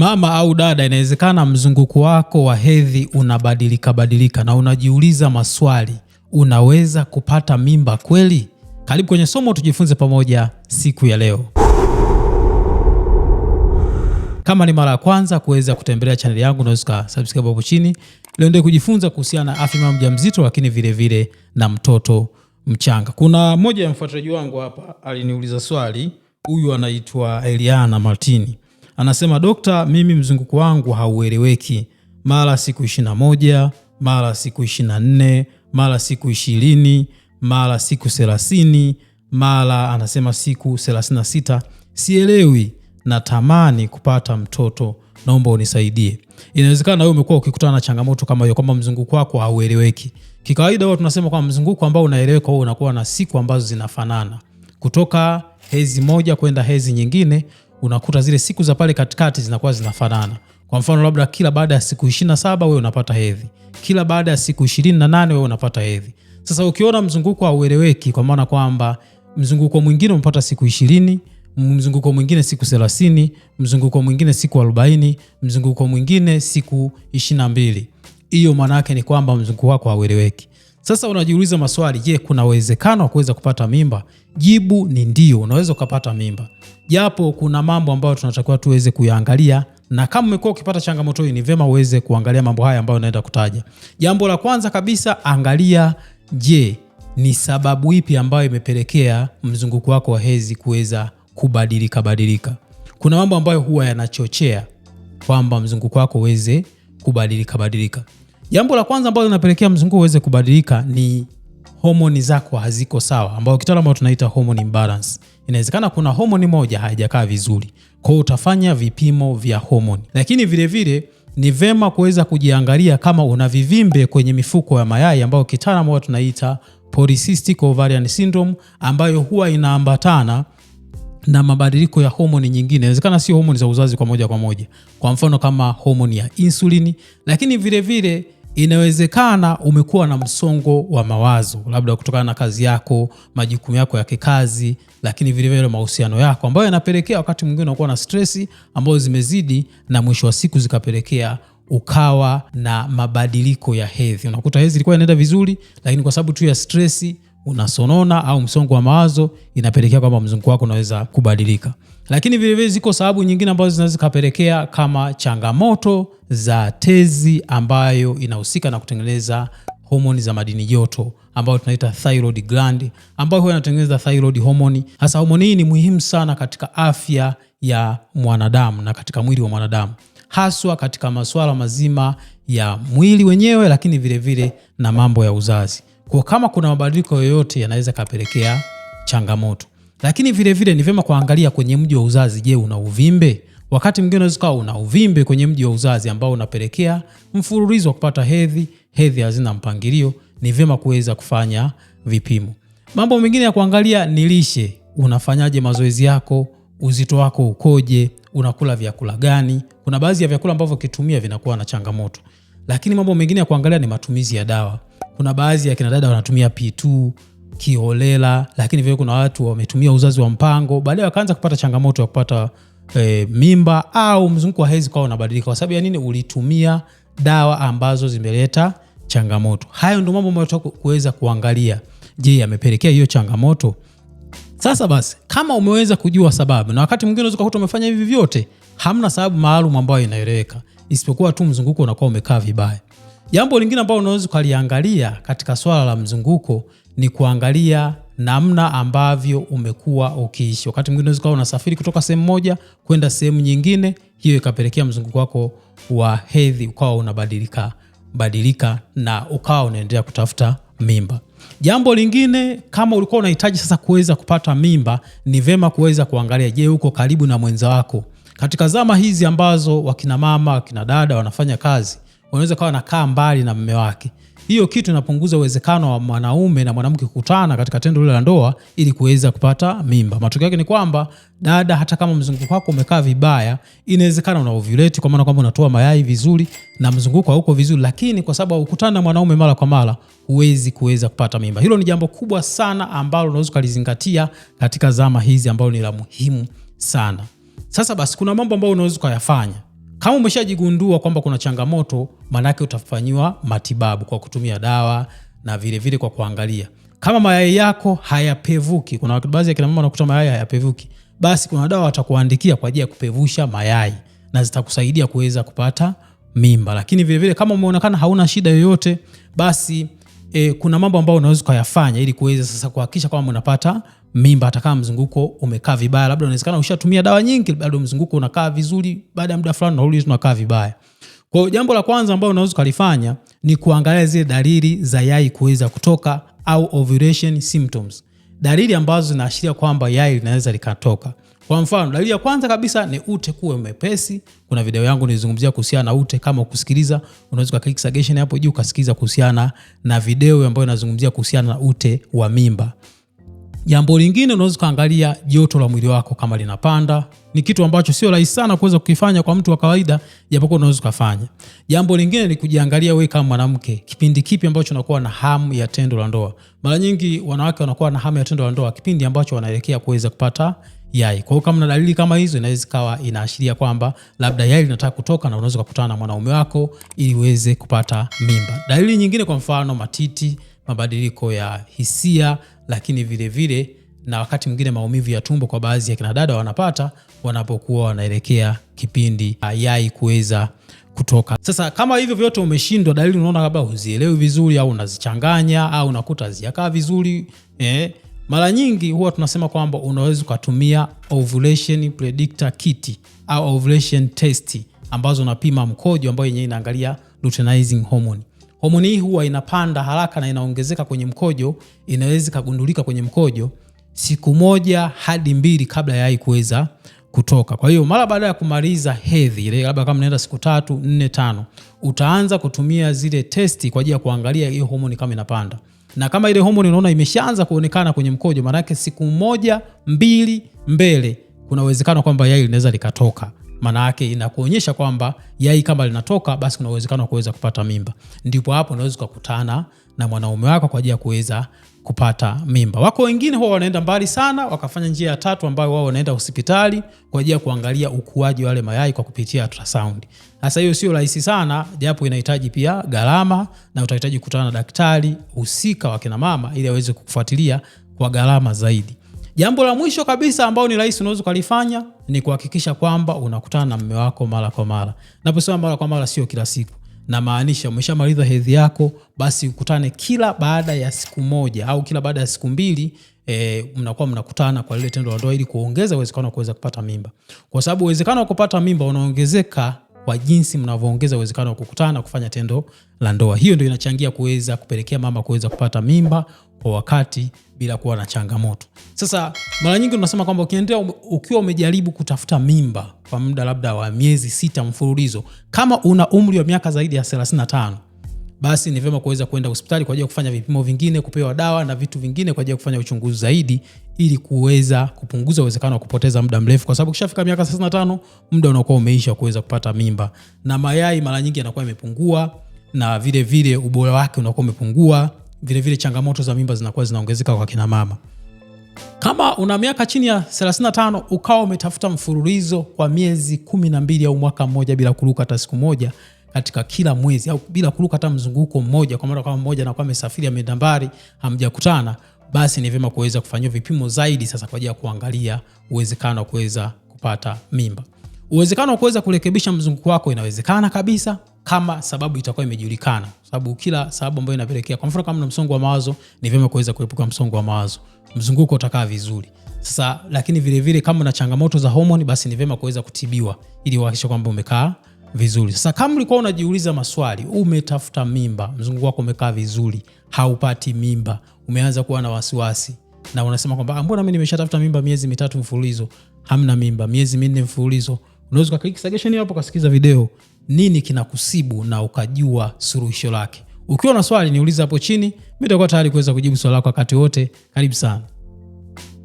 Mama au dada, inawezekana mzunguko wako wa hedhi unabadilika badilika na unajiuliza maswali, unaweza kupata mimba kweli? Karibu kwenye somo tujifunze pamoja siku ya leo. Kama ni mara ya kwanza kuweza kutembelea chaneli yangu, unaweza ukasubscribe hapo chini. Leo ndio kujifunza kuhusiana na afya mama mjamzito, lakini vilevile vile na mtoto mchanga. Kuna mmoja ya mfuatiliaji wangu hapa aliniuliza swali, huyu anaitwa Eliana Martini Anasema dokta, mimi mzunguko wangu haueleweki, mara siku ishirini moja mara siku ishirini na nne mara siku ishirini mara siku thelathini mara anasema siku thelathini na sita sielewi, natamani kupata mtoto, naomba unisaidie. Inawezekana wewe umekuwa ukikutana na changamoto kama hiyo, kwamba mzunguko wako haueleweki. Kikawaida huwa tunasema kwamba mzunguko ambao unaeleweka huo unakuwa na siku ambazo zinafanana kutoka hezi moja kwenda hezi nyingine unakuta zile siku za pale katikati zinakuwa zinafanana. Kwa mfano labda kila baada ya siku 27 wewe unapata hedhi, kila baada ya siku 28 wewe unapata hedhi. Sasa ukiona mzunguko haueleweki, kwa maana kwamba mzunguko mwingine umepata siku ishirini, mzunguko mwingine siku thelathini, mzunguko mwingine siku arobaini, mzunguko mwingine siku ishirini na mbili, hiyo maana yake ni kwamba mzunguko wako haueleweki. Sasa unajiuliza maswali, je, kuna uwezekano wa kuweza kupata mimba? Jibu ni ndio, unaweza ukapata mimba, japo kuna mambo ambayo tunatakiwa tuweze kuyaangalia, na kama umekuwa ukipata changamoto hii, ni vyema uweze kuangalia mambo haya ambayo naenda kutaja. Jambo la kwanza kabisa, angalia, je, ni sababu ipi ambayo imepelekea mzunguko wako wa hedhi kuweza kubadilika badilika? Kuna mambo ambayo huwa yanachochea kwamba mzunguko wako uweze kubadilika badilika. Jambo la kwanza ambalo linapelekea mzunguko uweze kubadilika ni homoni zako haziko sawa, ambayo kitaalamu tunaita hormone imbalance. Inawezekana kuna homoni moja haijakaa vizuri, kwa hiyo utafanya vipimo vya homoni, lakini vile vile, ni vema kuweza kujiangalia kama una vivimbe kwenye mifuko ya mayai ambayo kitaalamu tunaita polycystic ovarian syndrome, ambayo huwa inaambatana na mabadiliko ya homoni nyingine. Inawezekana sio homoni za uzazi kwa moja kwa moja, kwa mfano kama homoni ya insulini, lakini vilevile vile, Inawezekana umekuwa na msongo wa mawazo, labda kutokana na kazi yako, majukumu yako ya kikazi, lakini vilevile mahusiano yako, ambayo yanapelekea wakati mwingine unakuwa na stresi ambazo zimezidi, na mwisho wa siku zikapelekea ukawa na mabadiliko ya hedhi. Unakuta hedhi ilikuwa inaenda vizuri, lakini kwa sababu tu ya stresi unasonona au msongo wa mawazo, inapelekea kwamba mzunguko wako unaweza kubadilika. Lakini vilevile ziko sababu nyingine ambazo zinaweza zikapelekea kama changamoto za tezi ambayo inahusika na kutengeneza homoni za madini joto ambayo tunaita thyroid gland ambayo huwa inatengeneza thyroid homoni. Hasa homoni hii ni muhimu sana katika afya ya mwanadamu na katika mwili wa mwanadamu, haswa katika masuala mazima ya mwili wenyewe, lakini vilevile vile na mambo ya uzazi. Kwa kama kuna mabadiliko yoyote yanaweza kapelekea changamoto. Lakini vile vile ni vyema kuangalia kwenye mji wa uzazi, je, una uvimbe? Wakati mwingine unaweza kuwa una uvimbe kwenye mji wa uzazi ambao unapelekea mfululizo wa kupata hedhi, hedhi hazina mpangilio, ni vyema kuweza kufanya vipimo. Mambo mengine ya kuangalia ni lishe. Unafanyaje mazoezi yako? Uzito wako ukoje? Unakula vyakula gani? Kuna baadhi ya vyakula ambavyo ukitumia vinakuwa na changamoto. Lakini mambo mengine ya kuangalia ni matumizi ya dawa. Kuna baadhi ya kina dada wanatumia P2, kiholela, lakini vile kuna watu wametumia uzazi wa mpango, baadaye wakaanza kupata changamoto ya kupata e, mimba au mzunguko wa hedhi kwao unabadilika. Kwa sababu ya nini? Ulitumia dawa ambazo zimeleta changamoto. Hayo ndio mambo ambayo kuweza kuangalia, je, yamepelekea hiyo changamoto. Sasa basi, kama umeweza kujua sababu, na wakati mwingine unaweza kukuta umefanya hivi vyote, hamna sababu maalum ambayo inaeleweka, isipokuwa tu mzunguko unakuwa umekaa vibaya. Jambo lingine ambalo unaweza ukaliangalia katika swala la mzunguko ni kuangalia namna ambavyo umekuwa ukiishi. Wakati mwingine unaweza unasafiri kutoka sehemu moja kwenda sehemu nyingine, hiyo ikapelekea mzunguko wako wa hedhi ukawa unabadilika badilika na ukawa unaendelea kutafuta mimba. Jambo lingine, kama ulikuwa unahitaji sasa kuweza kupata mimba, ni vema kuweza kuangalia, je, uko karibu na mwenza wako? Katika zama hizi ambazo wakina mama, wakina dada wanafanya kazi, unaweza kawa nakaa mbali na mme wake hiyo kitu inapunguza uwezekano wa mwanaume na mwanamke kukutana katika tendo lile la ndoa ili kuweza kupata mimba. Matokeo yake ni kwamba dada, hata kama mzunguko wako umekaa vibaya, inawezekana una ovulate, kwa maana kwamba unatoa mayai vizuri na mzunguko hauko vizuri, lakini kwa sababu ukutana na mwanaume mara kwa mara, huwezi kuweza kupata mimba. Hilo ni jambo kubwa sana ambalo unaweza ukalizingatia katika zama hizi, ambalo ni la muhimu sana. Sasa basi, kuna mambo ambayo unaweza ukayafanya kama umeshajigundua kwamba kuna changamoto, maanake utafanyiwa matibabu kwa kutumia dawa na vilevile vile kwa kuangalia kama mayai yako hayapevuki. Kuna baadhi ya kina mama wanakuta mayai hayapevuki, basi kuna dawa watakuandikia kwa ajili ya kupevusha mayai na zitakusaidia kuweza kupata mimba. Lakini vilevile vile, kama umeonekana hauna shida yoyote basi e, kuna mambo ambayo unaweza ukayafanya ili kuweza sasa kuhakikisha kwamba unapata mimba hata kama mzunguko umekaa vibaya. Labda unawezekana ushatumia dawa nyingi, bado mzunguko unakaa vizuri, baada ya muda fulani unarudi unakaa vibaya. Kwa jambo la kwanza ambalo unaweza ukalifanya ni kuangalia zile dalili za yai kuweza kutoka au ovulation symptoms, dalili ambazo zinaashiria kwamba yai linaweza likatoka. Kwa mfano, dalili ya kwanza kabisa ni ute kuwe mepesi. Kuna video yangu nilizungumzia kuhusiana na ute, kama ukusikiliza unaweza ukaklik suggestion hapo juu ukasikiliza kuhusiana na video ambayo inazungumzia kuhusiana na ute wa mimba. Jambo lingine unaweza kuangalia joto la mwili wako kama linapanda. Ni kitu ambacho sio rahisi sana kuweza kukifanya kwa mtu wa kawaida, japokuwa unaweza kufanya. Jambo lingine ni kujiangalia wewe kama mwanamke, kipindi kipi ambacho unakuwa na hamu ya tendo la ndoa. Mara nyingi wanawake wanakuwa na hamu ya tendo la ndoa kipindi ambacho wanaelekea kuweza kupata yai. Kwa hiyo kama na dalili kama hizo, inaweza ikawa inaashiria kwamba labda yai linataka kutoka, na unaweza kukutana na mwanaume wako ili uweze kupata mimba. Dalili nyingine, kwa mfano, matiti, mabadiliko ya hisia, lakini vilevile vile, na wakati mwingine maumivu ya tumbo kwa baadhi ya dada wanapata wanapokuwa wanaelekea kipindi ah, yai kuweza kutoka. Sasa kama hivyo vyote umeshindwa, dalili unaona labda huzielewi vizuri au unazichanganya au unakuta hazijakaa vizuri eh, mara nyingi huwa tunasema kwamba unaweza ukatumia ovulation predictor kit au ovulation test ambazo unapima mkojo ambayo yenyewe inaangalia luteinizing hormone. Homoni hii huwa inapanda haraka na inaongezeka kwenye mkojo, inaweza ikagundulika kwenye mkojo siku moja hadi mbili kabla ya yai kuweza kutoka. Kwa hiyo mara baada ya kumaliza hedhi ile, labda kama unaenda siku tatu, nne, tano, utaanza kutumia zile testi kwa ajili ya kuangalia hiyo homoni kama inapanda na kama ile homoni unaona imeshaanza kuonekana kwenye mkojo, maanake siku moja mbili mbele kuna uwezekano kwamba yai linaweza likatoka maana yake inakuonyesha kwamba yai kama linatoka, basi kuna uwezekano wa kuweza kupata mimba. Ndipo hapo unaweza ukakutana na mwanaume wako kwa ajili ya kuweza kupata mimba. Wako wengine huwa wanaenda mbali sana, wakafanya njia ya tatu ambayo wao wanaenda hospitali kwa ajili ya kuangalia ukuaji wa wale mayai kwa kupitia ultrasound. Sasa hiyo sio rahisi sana, japo inahitaji pia gharama na utahitaji kukutana na daktari husika wa kina mama ili aweze kukufuatilia kwa gharama zaidi. Jambo la mwisho kabisa ambao ni rahisi unaweza ukalifanya ni kuhakikisha kwamba unakutana na mme wako mara kwa mara. Naposema mara kwa mara, sio kila siku, namaanisha umeshamaliza hedhi yako, basi ukutane kila baada ya siku moja au kila baada ya siku mbili. E, mnakuwa mnakutana kwa lile tendo la ndoa ili kuongeza uwezekano wa kuweza kupata mimba, kwa sababu uwezekano wa kupata mimba unaongezeka kwa jinsi mnavyoongeza uwezekano wa kukutana kufanya tendo la ndoa. Hiyo ndio inachangia kuweza kupelekea mama kuweza kupata mimba kwa wakati bila kuwa na changamoto. Sasa mara nyingi tunasema kwamba ukiendelea ukiwa umejaribu kutafuta mimba kwa muda labda wa miezi sita mfululizo, kama una umri wa miaka zaidi ya 35 basi ni vyema kuweza kwenda hospitali kwa ajili ya kufanya vipimo vingine, kupewa dawa na vitu vingine kwa ajili ya kufanya uchunguzi zaidi, ili kuweza kupunguza uwezekano wa kupoteza muda mrefu, kwa sababu kishafika miaka 35 muda unakuwa umeisha kuweza kupata mimba, na mayai mara nyingi yanakuwa yamepungua, na vile vile ubora wake unakuwa umepungua, vile vile changamoto za mimba zinakuwa zinaongezeka kwa kina mama. Kama una miaka chini ya 35 ukawa umetafuta mfululizo kwa miezi 12 au mwaka mmoja bila kuruka hata siku moja katika kila mwezi au bila kuruka hata mzunguko mmoja, kwa maana kama mmoja na kwa amesafiri ameenda mbali, hamjakutana, basi ni vyema kuweza kufanyiwa vipimo zaidi sasa kwa ajili ya kuangalia uwezekano wa kuweza kupata mimba. Uwezekano wa kuweza kurekebisha mzunguko wako inawezekana kabisa, kama sababu itakuwa imejulikana, sababu kila sababu ambayo inapelekea. Kwa mfano, kama na msongo wa mawazo, ni vyema kuweza kuepuka msongo wa mawazo, mzunguko utakaa vizuri. Sasa lakini vile vile kama na changamoto za homoni, basi ni vyema kuweza kutibiwa ili uhakikishe kwamba umekaa vizuri. Sasa kama ulikuwa unajiuliza maswali, umetafuta mimba, mzunguko wako umekaa vizuri, haupati mimba, umeanza kuwa na wasiwasi na unasema kwamba ah, mbona mimi nimeshatafuta mimba miezi mitatu mfululizo, hamna mimba, miezi minne mfululizo, unaweza kuklik suggestion hapo, kasikiza video nini kinakusibu na ukajua suluhisho lake. Ukiwa na swali niulize hapo chini, mi nitakuwa tayari kuweza kujibu swali lako wakati wote. Karibu sana.